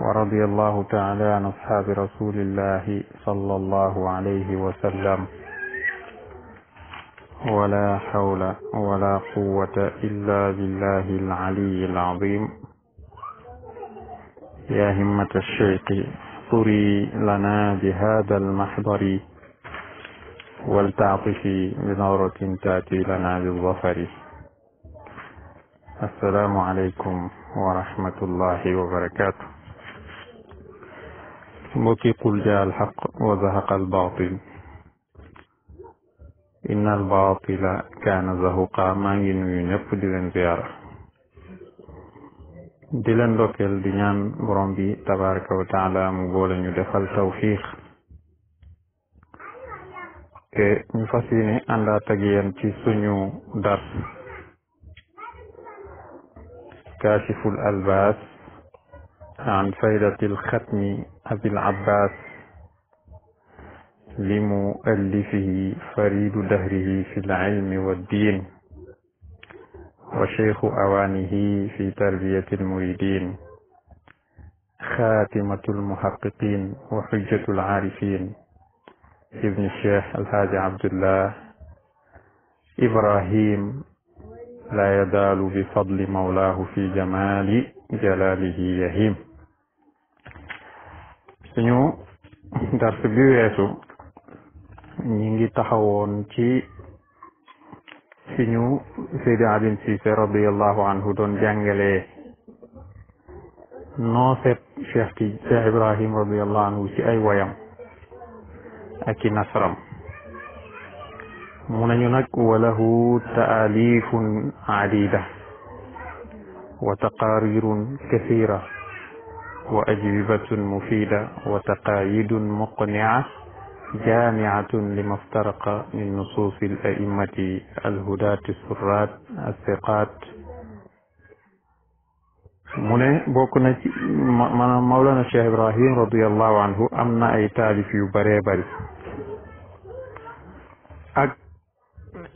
ورضي الله تعالى عن أصحاب رسول الله صلى الله عليه وسلم ولا حول ولا قوة إلا بالله العلي العظيم يا همة الشيخ طري لنا بهذا المحضر ولتعطفي بنظرة تأتي لنا بالظفر السلام عليكم ورحمة الله وبركاته mbokki qul jaa alxaq wa zahaqa albaatil inna albaatila kaana zahuqa maa ngi nuyu ñëpp di leen ziyaara di leen ndokkeel di ñaan borom bi tabaraka wa mu boole ñu defal tawfiix te ñu fa yéene àndaat ak yéen ci suñu dars albaas an faydatil xatmi أبي العباس لمؤلفه فريد دهره في العلم والدين وشيخ أوانه في تربية المريدين خاتمة المحققين وحجة العارفين ابن الشيخ الحاج عبد الله إبراهيم لا يزال بفضل مولاه في جمال جلاله يهيم suñu dars bi weesu ñi ngi taxawoon ci fi ñu Seydi Alioune Cissé radiallahu anhu doon jàngalee noo seet Cheikh ci Cheikh Ibrahim radiallahu ci ay woyam ak i nasram mu nañu nag walahu taalifun adida wa taqarirun kathira وأجوبة مفيدة وتقايد مقنعة جامعة لما افترق من نصوص الأئمة الهداة السرات الثقات بوكنا مولانا الشيخ إبراهيم رضي الله عنه أمنا أي تالف يبريبري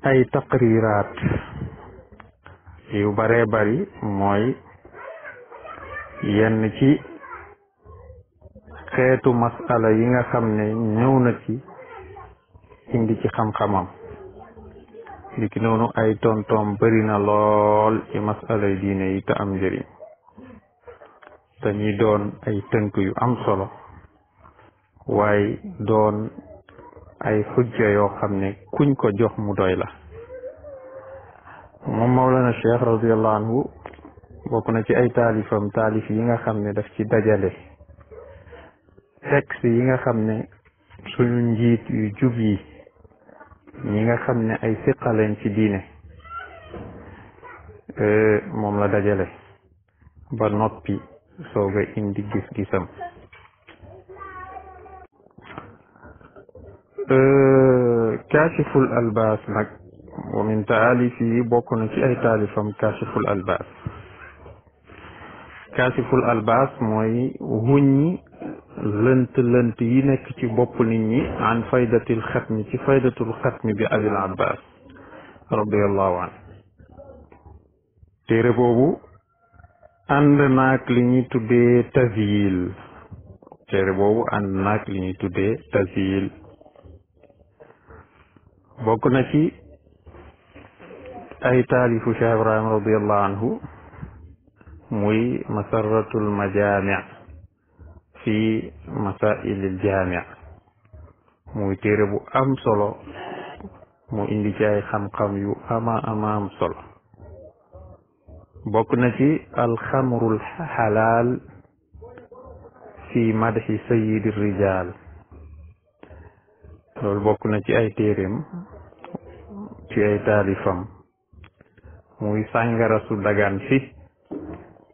أي تقريرات يبريبري موي ينكي xeetu masala yi nga xam ne ñëw na ci indi ci xam-xamam li ki noonu ay tontoom bëri na lool ci masala yi diine yi te am njëriñ dañuy doon ay tënk yu am solo waaye doon ay xujja yoo xam ne kuñ ko jox mu doy la moom Mawlana Cheikh radiallahu anhu bokk na ci ay taalifam taalif yi nga xam ne daf ci dajale texte yi nga xam ne suñu njiit yu jub yi nga xam ne ay siqaleen ci diine e, moom la dajale ba noppi soog a indi gis-gisam e, kaashiful albaas nag wa min ci ay taalifam kaashiful albaas kaashiful mooy wuññi lënt lënt yi nekk ci bopp nit ñi an faydatil xatmi ci faydatul xatmi bi abil abbas radiallahu an téere boobu ànd naag li ñuy tuddee tasyil téere boobu ànd naag li ñuy tuddee tasyil bokk na ci ay taalifu cheikh ibrahim radiallahu anhu muy masaratul majaami fi masailil jaami' muy téere bu am solo mu indi ci ay xam-xam yu ama ama am solo bokk na ci alxamrul xalaal fi madxi sayidi rijaal loolu bokk na ci ay téereem ci ay taalifam mu sàngara su dagan fi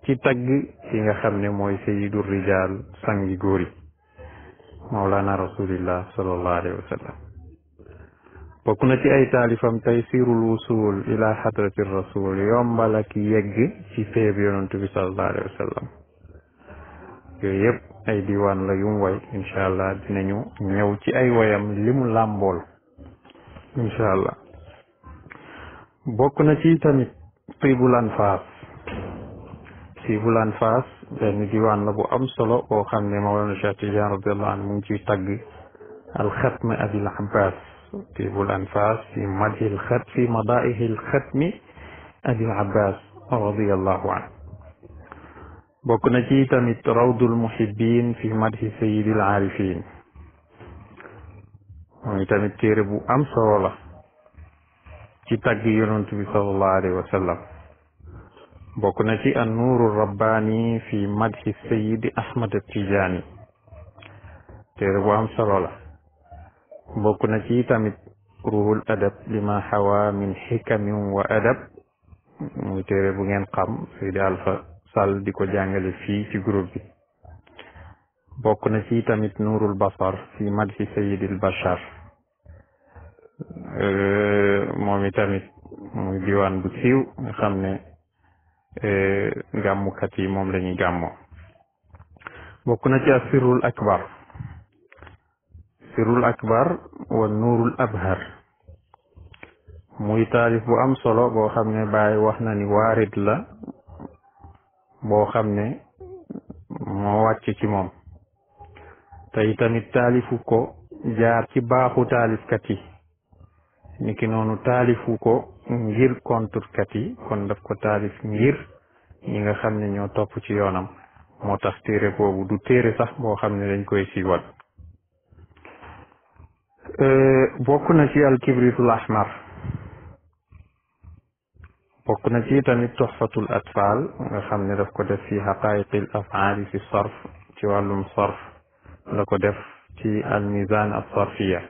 ci tagg ki nga xam ne mooy sayyidu rijaal sangi góor yi mawlana rasulillah sallallahu alayhi wa bokk na ci ay taalifam taysirul wusul ila hadrati rasul yombal ak yegg ci feeb yonentu bi sallallahu alayhi wa sallam ay diwaan la yum way incha allah dinañu ñëw ci ay wayam li mu làmbool allah bokk na ci tamit tibul anfaas ci Bulaan Faas benn diwaan la bu am solo boo xam ne Mawlana Cheikh Tidiane radiallahu anhu mu ngi ciy tagg alxatm abil abbas fi Bulaan Faas fi madhil xat fi madaihil xatmi abil abbas radiallahu anhu bokk na ci tamit rawdul muhibbin fi madhi sayidil aarifin mooy tamit téere bu am solo la ci tagg yonent bi sallallahu alayhi wa sallam بوكنتي النور الرباني في مدح السيد احمد التيجاني تيروام صلولا بوكنتي تامت روح الادب لما حوى من حكم وادب تيربو غين قام سيدي الفا سال ديكو جانجلي في في جروب بوكنتي تامت نور البصر في مدح السيد البشر اه، مومي تامت ديوان بوسيو خامنه E, gàmmukat yi moom la ñuy gàmmoo bokk na ci ak sirrul akbar sirrul akbar wa nuurul abhar muy taalif bu am solo boo xam ne Baay wax na ni waarit la boo xam ne moo wàcc ci moom tey tamit taalifu ko jaar ci baaxu taalifkat yi niki nonu talifu ko ngir konturkat yi kon daf ko talif ngir ñi nga xamne ño top ci yoonam moo tax téere boobu du téré sax bo xamne dañ koy ci wat euh bokku na ci al kibritul ahmar bokku na ci tamit tuhfatul atfal nga xamne daf ko def fi haqaiqil af'ali fi sarf ci walum sarf la ko def ci al mizan almizan alsarfiya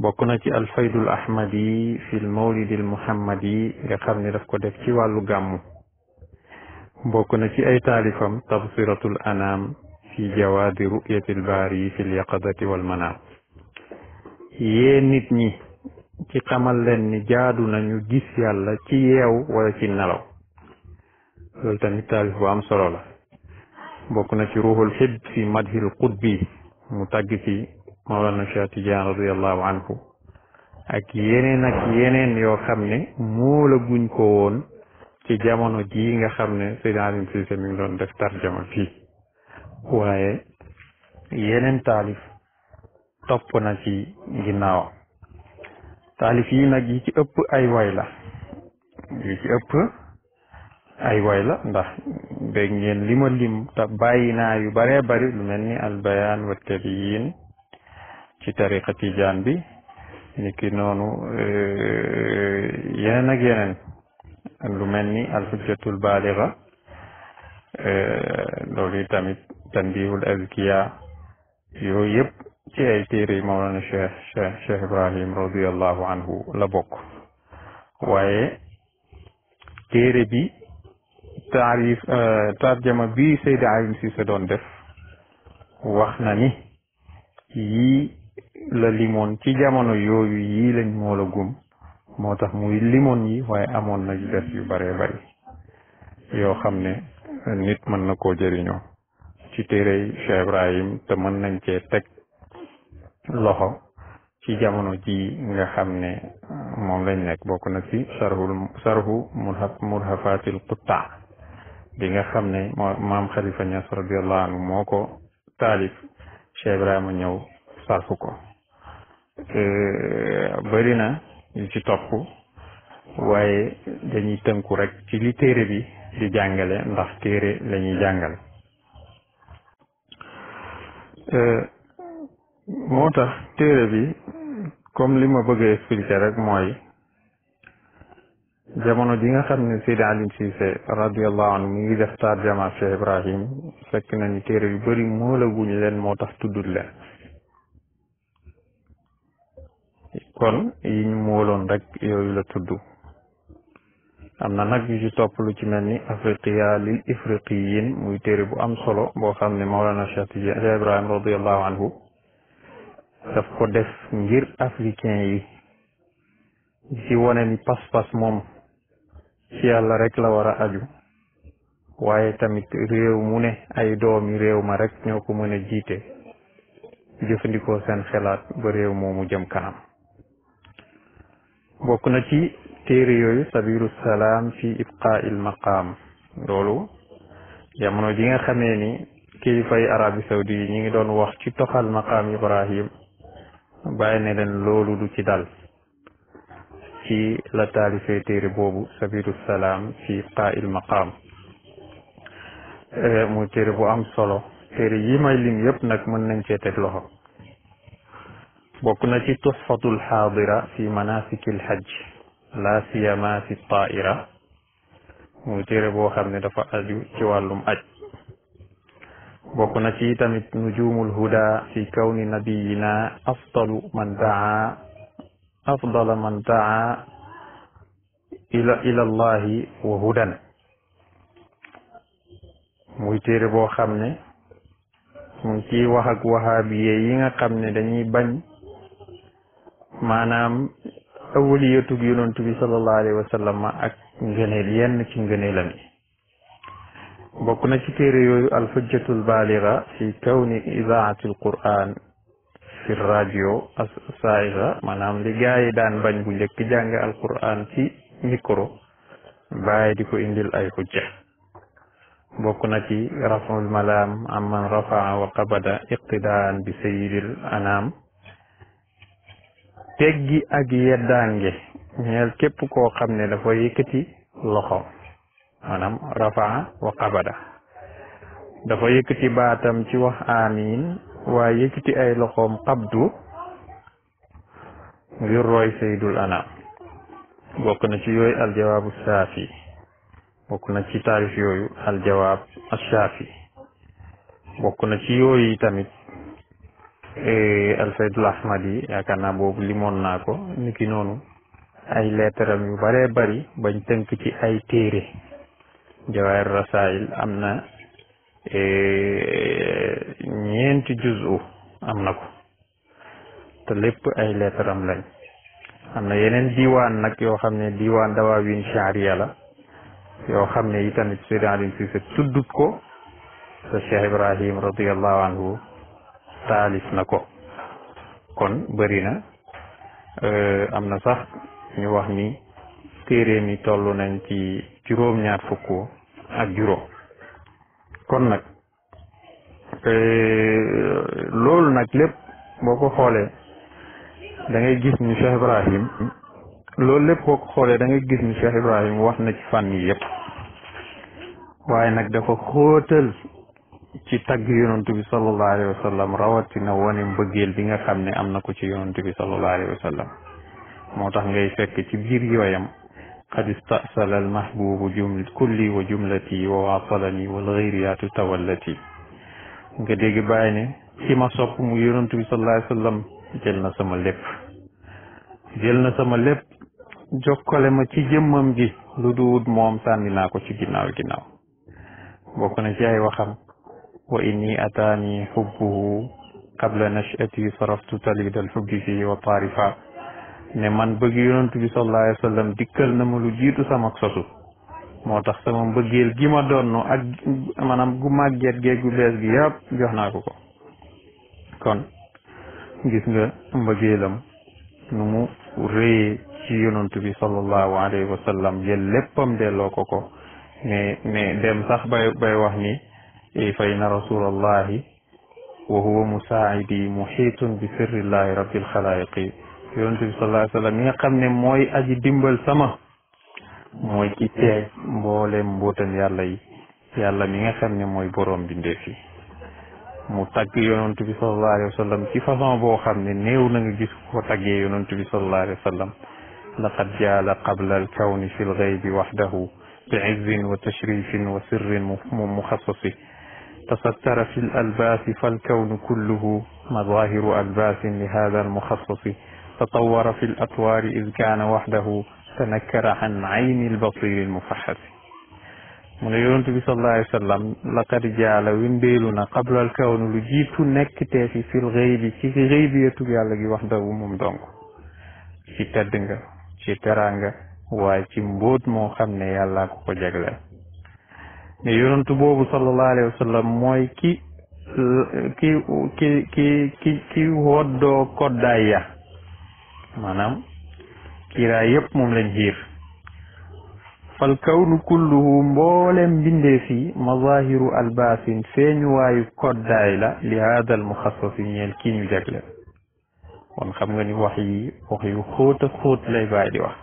بوكنا الفيد الأحمدي في المولد المحمدي لخرني رفق دك تي والو أي تالفم تبصيرة الأنام في جواد رؤية الباري في اليقظة والمنا يينيت ني تي قمال لن ني جادو نانيو جيس يالا تي يو ولا تي نلو لولتاني تالف وام صلو بوكنا تي روح الحب في مده القدبي متاجي في Mawlana Cheikh Tidiane radiallahu anhu ak yeneen ak yeneen yoo xam ne moola guñ ko woon ci jamono ji nga xam ne Seydi Alim Cissé mi ngi doon def tarjama fii waaye yeneen taalif topp na ci ginnaawam taalif yi nag yi ci ëpp ay way la yi ci ëpp ay way la ndax dégg ngeen li lim te bàyyi naa yu bare bari lu mel ni albayaan wa tabiyin ci tariqa tijaan bi niki noonu e, yeneen ak yeneen lu mel ni alxujjatul baaliga e, loolu yi tamit tanbihul azkiya yooyu yëpp ci ay téere yi mawlana cheikh cheikh cheikh ibrahim radiallahu la bokk waaye téere bi e, tarjama bi Seydi Alioune Cissé doon def ni yii la limoon ci jamono yooyu yii lañ moo la gum moo tax muy limoon yi waaye amoon na yu des yu bare bari yoo xam ne nit mën na koo jëriñoo ci téere Cheikh Ibrahim te mën nañ cee teg loxo ci jamono ji nga xam ne moom lañ nekk bokk na ci sarhul sarhu murhaf murhafatil qutta bi nga xam ne maam Khalifa Niass radiyallahu anhu moo ko taalif Cheikh a ñëw sàrf ko bëri na ñu ci topp waaye dañuy tënku rek ci li téere bi di jàngale ndax téere lañuy ñuy jàngal moo tax téere bi comme li ma bëgg a rek mooy jamono ji nga xam ne Seydi Aliou Cissé radiallahu anhu mu ngi def tarjama Cheikh Ibrahim fekk nañu téere yu bari moo la guñ leen moo tax tuddut leen kon yi ñu rek yooyu la tudd am na nag yu topp lu ci mel ni afriqiya lil ifriqiyin muy téere bu am solo boo xam ne Mawlana Cheikh Tidiane Ibrahim radiallahu anhu daf ko def ngir africain yi di wone ni pas-pas moom ci yàlla rek la war a aju waaye tamit réew mu ne ay doomi réew ma rek ñoo ko mën a jiite jëfandikoo seen xelaat ba réew moomu jëm kanam bokk na ci téere yooyu sabilu salaam fi ibqail maqaam loolu jamono ji nga xamee ni kilifay arabi saudi yi ñi ngi doon wax ci toxal maqaam ibrahim bàyyi ne leen loolu du ci dal ci la taalifee téere boobu sabilu salaam fi ibqail maqam eh, muy téere bu am solo téere yi may lim yëpp nag mën nañ cee loxo bokk na ci tuhfatul xaadira fi manasikil hajj la siyama fi taira muy téere boo xam ne dafa aju ci wàllum aj bokk na ci tamit nujumul huda fi kawni nabiyina afdalu man daa afdala man daa ila ila allahi wa hudan muy téere boo xam ne mu ngi ciy wax ak wahaabiye yi nga xam ne dañuy bañ maanaam awliyatug yonantu bi sallallahu alayhi wa sallam ak ngëneel yenn ci ngëneelam yi bokk na ci téere yooyu alxujjatul baaliga fi kawni idaatil quran fi radio saaiga maanaam li gaa yi daan bañ bu njëkk jàng alquran ci micro bàyyi di ko indil ay xujja bokk na ci raful malaam amman rafaa wa qabada iqtidaan bi sayidil anaam teggi ak yeddaange ñeel képp koo xam ne dafa yëkkati loxo maanaam rafaa wa qabada dafa yëkkati baatam ci wax amin waaye yëkkati ay loxom qabdu ngir roy saydul anam bokk na ci yooyu aljawaabu saafi bokk na ci taarif yooyu aljawaab ashaafi bokk na ci yooyu tamit E, al saydul ahmadi yaakaar naa boobu limoon naa ko niki noonu ay leetaram yu bare bari bañ tënk ci ay téere jawaahir rasaayil am na e, ñeenti juzu am na ko te lépp ay leetaram lañ am na yeneen diiwaan nag yoo xam ne diiwaan dawaa win charia la yoo xam ne itamit Seydi Aliou Cissé tuddut ko sa Cheikh Ibrahim radiallahu anhu taalif na ko kon bëri na euh, am na sax ñu wax ni téere mi toll nañ ci juróom-ñaar fukk ak juróom kon nag euh, loolu nag lépp boo ko xoolee dangay gis ni Cheikh Ibrahim loolu lépp boo ko xoolee dangay gis ni Cheikh Ibrahim wax na ci fànn yi yëpp waaye nag dafa xóotal ci tagg yonantu bi sallallahu alayhi wa sallam rawatina wane mbëggeel bi nga xam ne am na ko ci yonantu bi sallallahu alayhi wa sallam moo tax ngay fekk ci biir yooyam qad istasala almahbubu jum kulli wa jumlati wa waasalani walxayriyaatu tawallati nga dégg bàyyi ne ki ma sopp mu yonantu bi sallallahu wa sallam jël na sama lépp jël na sama lépp jokkale ma ci jëmmam ji lu duwut moom sànni naa ko ci ginnaaw ginnaaw bokk na ci ay waxam wa inni ataani xubbuhu qabla nachati saraftu talidal xubbi fii wa taarifa ne man bëgg yonent bi sallallahu alayhi wa sallam dikkal na ma lu jiitu sama sosu moo tax sama mbëggeel gi ma doon ak maanaam gu màgget gee gu bees gi yëpp jox naa ko ko kon gis nga mbëggeelam nu mu réyee ci yonent bi sallallahu wa sallam jël léppam delloo ko ko mais dem sax bay bay wax ni إيه، فإن رسول الله وهو مساعدي محيط بسر الله رب الخلائق يونس صلى الله عليه وسلم يقمن موي أجي ديمبل سما موي كي تي مبولم بوتن يالا يالا ميغا خامن موي بوروم بي نديفي مو يونس صلى الله عليه وسلم كي فاصون بو خامن نيو نغا غيس كو يونس صلى الله عليه وسلم لقد جاء قبل الكون في الغيب وحده بعز وتشريف وسر مخصص تستر في الألباس فالكون كله مظاهر ألباس لهذا المخصص تطور في الأطوار إذ كان وحده تنكر عن عين البصير المفحص من ينتبه صلى الله عليه وسلم لقد جعل ونديلنا قبل الكون لجيت نكتف في الغيب في غيب يتبع لك وحده ممدن في تدنغ في ترانغ وفي مبود مو خمنا يالله كو جغلال ne yonantu boobu sallallahu alayhi wa sallam mooy ki ki ki ki ki ki woddoo koddaay ya maanaam kiiraay yépp moom lañ xiir fal kawnu kulluhu mboolem mbindee fi mazahiru albaasin feeñuwaayu koddaay la li haada almuxassasi ñeel kii ñu jagle kon xam nga ni wax yi wax yu xóot a xóot lay bàyyi di wax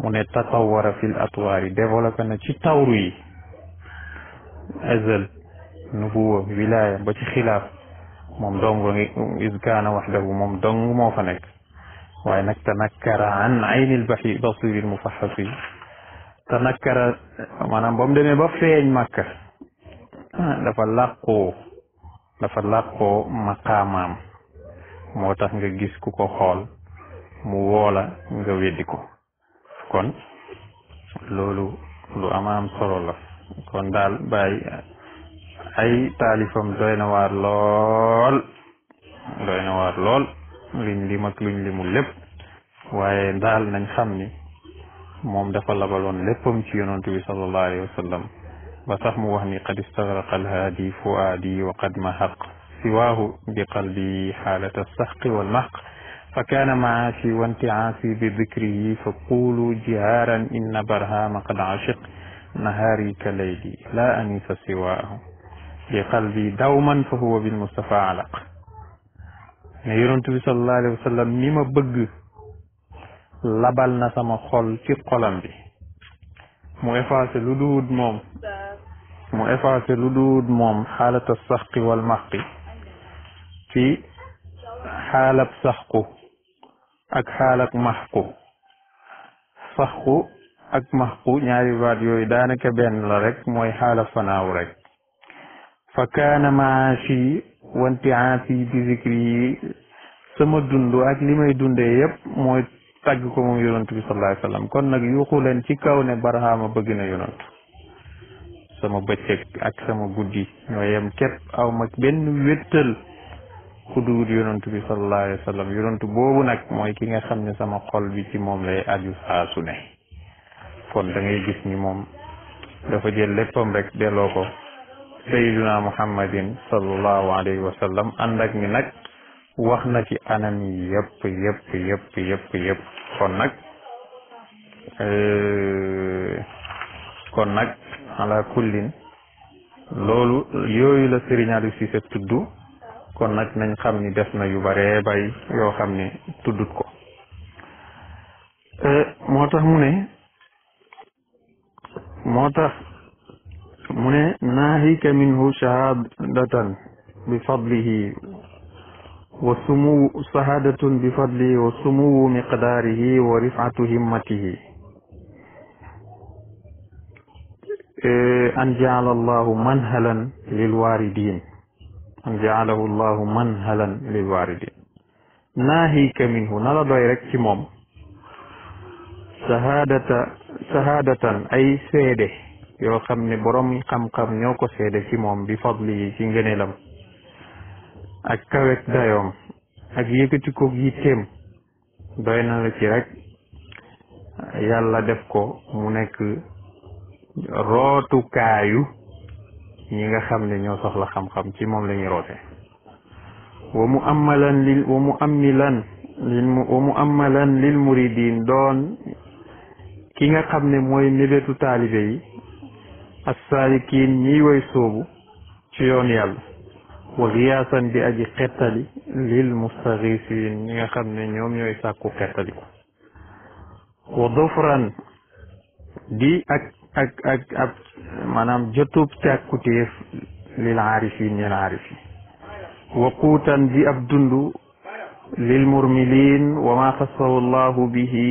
mu ne tatawara fil atwaar yi développé na ci tawru yi azal nubuwa wilaaya ba ci xilaaf moom dong iskaana waxdahu moom dong moo fa nekk waaye nag tanakkara an aynil baxi basiril mufaxasi tanakkara ba mu demee ba feeñ màkka dafa làqoo dafa làqoo maqaamaam moo tax nga gis ku ko xool mu woola nga weddi kon loolu lu ama am kon dal bay ay taalifam doy na waar lool doy na waar lool luñ lim ak luñ limul lépp waye dal nañ xamni mom dafa labalon léppam ci yonantu bi sallallahu alayhi wa ba sax mu wax ni qad istagraqa alhaadi fuadi wa qad mahaq siwaahu bi qalbi xaalata alsahqi walmaq fa kaana maashi wa intiaasi bi dikrihi fa qulu jihaaran inna barhama نهاري كليلي لا أنيس سواه في قلبي دوما فهو بالمصطفى علق نيرون تبي صلى الله عليه وسلم ميما بغ لبال نسما خل في قلم بي مو إفاس لدود موم مو إفاس لدود موم حالة الصحق والمحق في حالة صحق أك حالة محق صحق ak maxqu ñaari baat yooyu daanaka benn la rek mooy xaala fanaaw rek fa kaana maashi wanti ansi bi sama dund ak li may dundee yépp mooy tàgg ko moom yonantu bi sallallahu alayhi kon nag yuuxu leen ci kaw ne barahama bëgg na yonantu sama bëccëg ak sama guddi ñoo yem képp aw ma benn wéttal xuduwut yonantu bi sallallahu alayhi wasallam yonantu boobu nag mooy ki nga xam ne sama xol bi ci moom lay aju saa ne kon dangay gis ni moom dafa jël léppam rek delloo ko sayyiduna muhammadin sallallahu alayhi wa sallam ànd ni nag wax na ci anam yi yépp yëpp yépp yëpp yëpp kon nag euh, kon nag ala kullin loolu yooyu la Serigne Aliou Cissé tudd kon nag nañ xam ni def na yu bare bay yoo xam ne tuddut ko euh, moo tax mu ne معطف ناهيك منه شهادة بفضله وسمو شهادة بفضله وسمو مقداره ورفعة همته إيه، أن جعل الله منهلا للواردين أن جعله الله منهلا للواردين ناهيك منه نرى دايركت موم شهادة sahaadatan ay seede yoo xam ne boroom xam-xam ñoo ko seede ci moom bi fadli yi ci ngëneelam ak kawet dayoom ak yëkkatikoog yitteem doy na la ci rek yàlla def ko mu nekk rootukaayu ñi nga xam ne ñoo soxla xam-xam ci moom la ñuy roote wa mu ammalan lil wa mu ammilan lil wa mu ammalan lil muridin doon ki nga xam ne mooy mébétu taalibe yi assaalikiin ñiy way sóobu ci yoon yàlla wa riyaasan di aji xettali lil mustaxiisiin ñi nga xam ne ñoom ñooy sàkku xettali wa dofran di ak ak ak ab maanaam jotub càkkutéef lil aarifiin ñel aarif yi wa quutan di ab dund lil murmiliin wa ma xassahu llahu bihi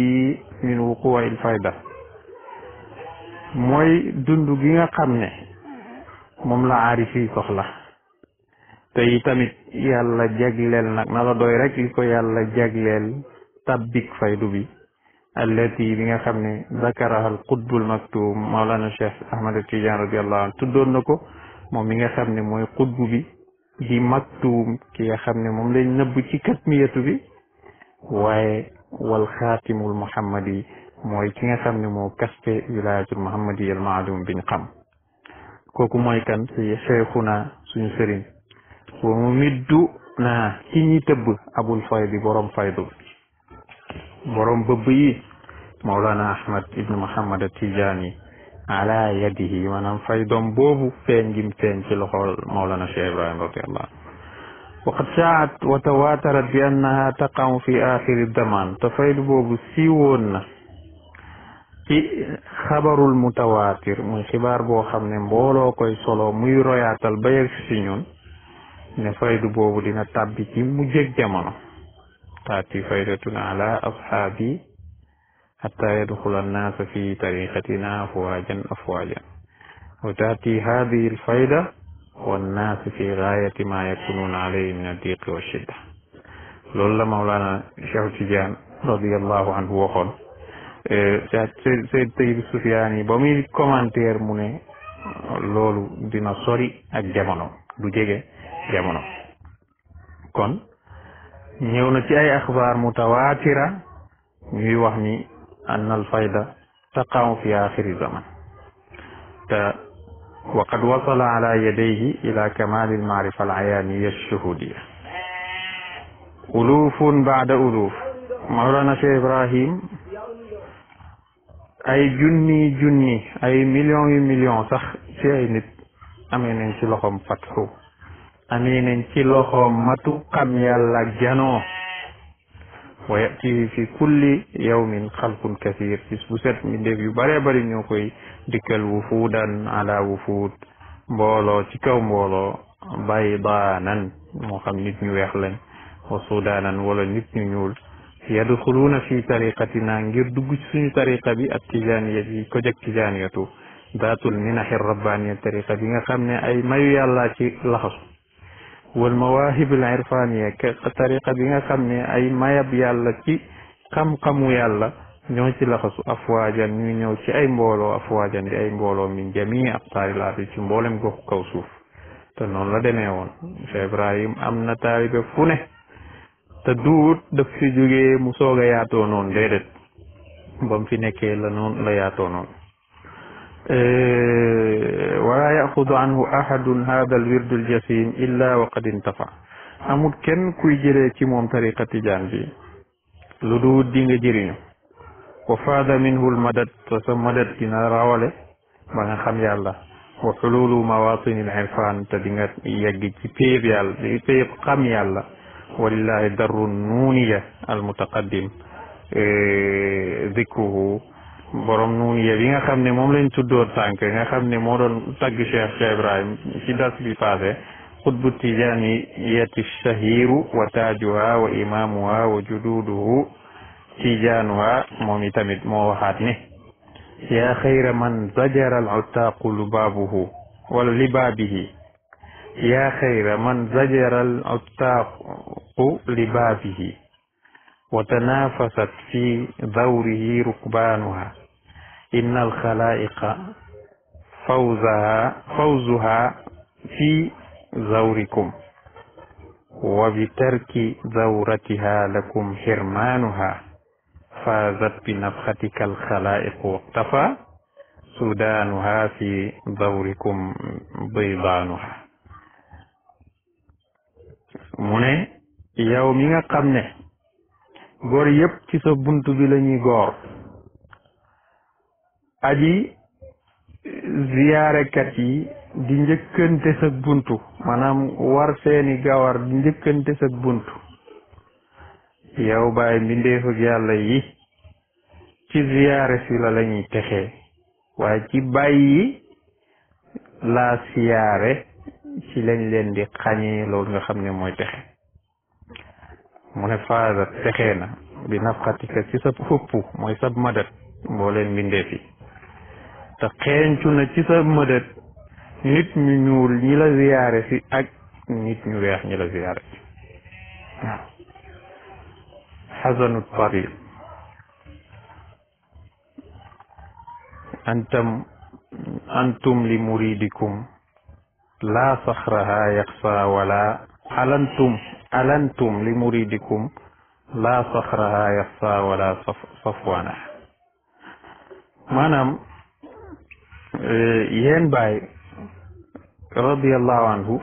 min wuquwa il fayda mooy dund gi nga xam ne moom la arifi yi soxla te itamit yàlla jagleel nag na la doy rek ko yàlla jagleel tabbik faydu bi allati bi nga xam ne zakaraha al qutbul maktum maulana cheikh ahmad tidiane radiallahu anhu tuddoon na ko moom mi nga xam ne mooy qutbu bi di maktum ki xam ne moom lañ nëbb ci katmiyatu bi waaye wal xaatimul muhammadi mooy ki nga xam ne moo kaste wilaayatul muhammadi al maalum biñ xam kooku mooy kan si cheikhuna suñu sëriñ wa mu middu naa ki ñi tëbb abul faydi borom faydu borom bëbb yi maulana ahmad ibnu muhammad a tijaani ala yadihi maanaam faydoom boobu feeñ gim feeñ ci loxol maulana cheikh ibrahim radiallah وقد شاعت وتواترت بأنها تقع في آخر الزمان تفايد بوب سيون خبر المتواتر من خبار بو خمن بولو كوي سولو مي رويات البيك سينيون نفايد بوب لنا تابتي مجيك جمانو تأتي فائدتنا على أصحابي حتى يدخل الناس في طريقتنا أفواجا أفواجا وتأتي هذه الفائدة والناس في غاية ما يكونون عليه من الضيق والشدة لولا مولانا شيخ تجان رضي الله عنه وخل إيه، سيد طيب السفياني بمير كومنتير مني لولو دينا سوري الجمانو دو جمانو كون نيونا تي اخبار متواترة يوحني ان الفايدة تقع في اخر الزمن wa qad wasala ala yadayhi ila kamali almaarifa alayaaniya alshuhudiya ulufun baada uluf mawlana cheikh ibrahim ay junni junni ay millions yu millions sax ci ay nit amee nañ ci loxoom fatxu amee nañ ci loxoom matu xam yàlla janoo wa yatihi fi kulli yawmin xalqun kathir bis bu set yu bëree bëri ñoo koy dikkal wufuudan ala wufuud mbooloo ci kaw mbooloo baydaanan moo xam nit ñu weex lañ wa wala nit ñu ñuul yadxuluuna fi tariqatina ngir dugg ci suñu tariqa bi ak tijaaniya bi ko jag tijaaniyatu daatul minahi rabbaaniya tariqa bi nga xam ne ay mayu yàllaa ci laxasu wal mawaahibil irfaaniya tariqa bi nga xam ne ay mayab yàlla ci xam-xamu yàlla ñoo ci laxasu afwaajan ñu ñëw ci ay mbooloo afwaajan di ay mbooloo min jamii aqtaaril ardi ci mboolem goxu kaw suuf te noon la demee woon Cheikh am na taalibe fu ne te duut daf fi jógee mu soog a yaatoo noonu déedéet ba fi nekkee la noonu la yaatoo noonu إيه، ولا يأخذ عنه أحد هذا الورد الجسيم إلا وقد انتفع أمود كن كوي جري كي موم طريقة جانبي لدود دين جرينو وفاد منه المدد وسمدد دين راولي بان خمي الله وحلول مواطن العرفان تدين يجي كي بيب يالله يتيب قمي الله ولله در النونية المتقدم إيه، ذكره borom nuun ye bi nga xam ne moom lañ tuddoon sànq nga xam ne moo doon tagg Cheikh Ibrahim ci das bi passé xutbu tijaani yati shahiru wa taajuha wa imaamuha wa jududuhu tijaanuha moom i tamit moo waxaat ni yaa xayra man zajara al otaaqu lubaabuhu wala libaabihi yaa xayra man zajara al otaaqu libaabihi wa tanaafasat fi dawrihi rukbaanuha إن الخلائق فوزها فوزها في زوركم وبترك زورتها لكم حرمانها فازت بنفختك الخلائق واقتفى سودانها في زوركم بيضانها mu ne yow mi nga xam ne góor ci sa bi lañuy aji ziyaarekat yi di njëkkante sa buntu maanaam war seeni gawar di njëkkante sa buntu yow bàyyi mbindeefug yàlla yi ci ziyaare si la lañuy texe waaye ci bàyyi laa siyaare ci lañ leen di xañee lool nga xam ne mooy texe mu ne faada texee na bi nafxatika ci sab xëpp mooy sab madat mboo leen yi te xeeñcu na ci sa mëdët nit ñu ñuul ñi la ziyaare si ak nit ñu weex ñi la ziyaare si waaw xasanu tariq antam antum li muridikum la saxraha yaxsa wala alantum alantum li muridikum la saxraha yaxsa wala safwana maanaam Eh, yéen bàyyi radiallahu anhu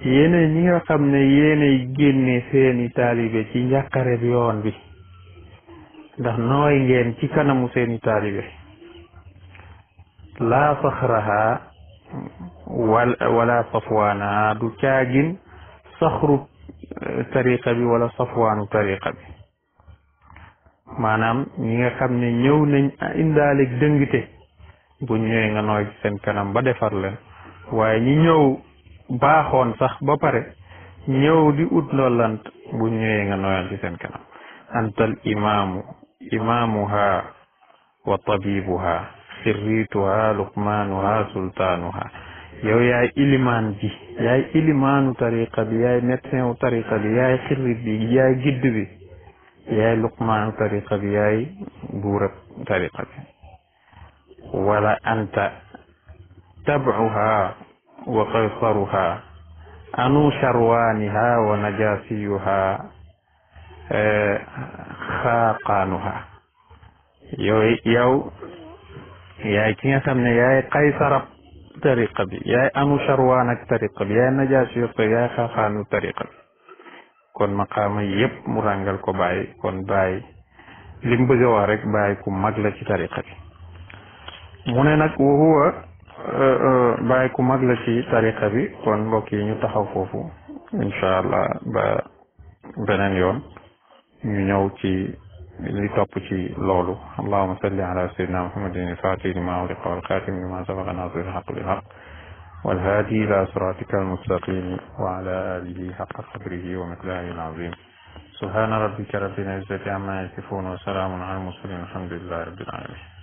yéene ñi nga xam ne yéenay génne seeni taalibe ci bi yoon bi ndax nooy ngeen ci kanamu seeni taalibe laa faxraha wal wala safwaana du caagin saxru eh, tariqa bi wala safwaanu tariqa bi maanaam ñi nga xam ne ñëw nañ indaaleeg dëngte bu ñëwee nga nooy seen kanam ba defar leen waaye ñi ñëw baaxoon sax ba pare ñëw di ut ndollant bu ñëwee nga nooyal ci seen kanam antal imaamu imaamuha wa tabibuha xirrituha luqmaanuha sultaanuha yow yaay ilimaan bi yaay ilimaanu tariqa bi yaay médecin tariqa bi yaay xirrit bi yaay gidd tariqa bi yaay buurab tariqa bi ولا أنت تبعها وقيصرها أنو شروانها ونجاسيها آه، خاقانها يو يو يا كي خامن يا قيصر طريقة يا أنو شروانك طريقة يا نجاسي يا خاقانو طريقة كون مقام يب مرانجل mu ràngal ko bàyyi kon bàyyi li mu bëgg a mune nak wo huwa bàyyi ku magla ci tariqa bi kon mbok yi ñu taxaw fofu inshallah ba benen yoon ñu ñëw ci li top ci lolu allahumma salli ala sayyidina muhammadin fatih lima ughliqa wal khatim lima sabaqa nasir al-haq bil والهادي إلى صراطك المستقيم وعلى آله حق قدره ومقداره العظيم سبحان ربك رب العزة عما يصفون وسلام على المرسلين الحمد لله رب العالمين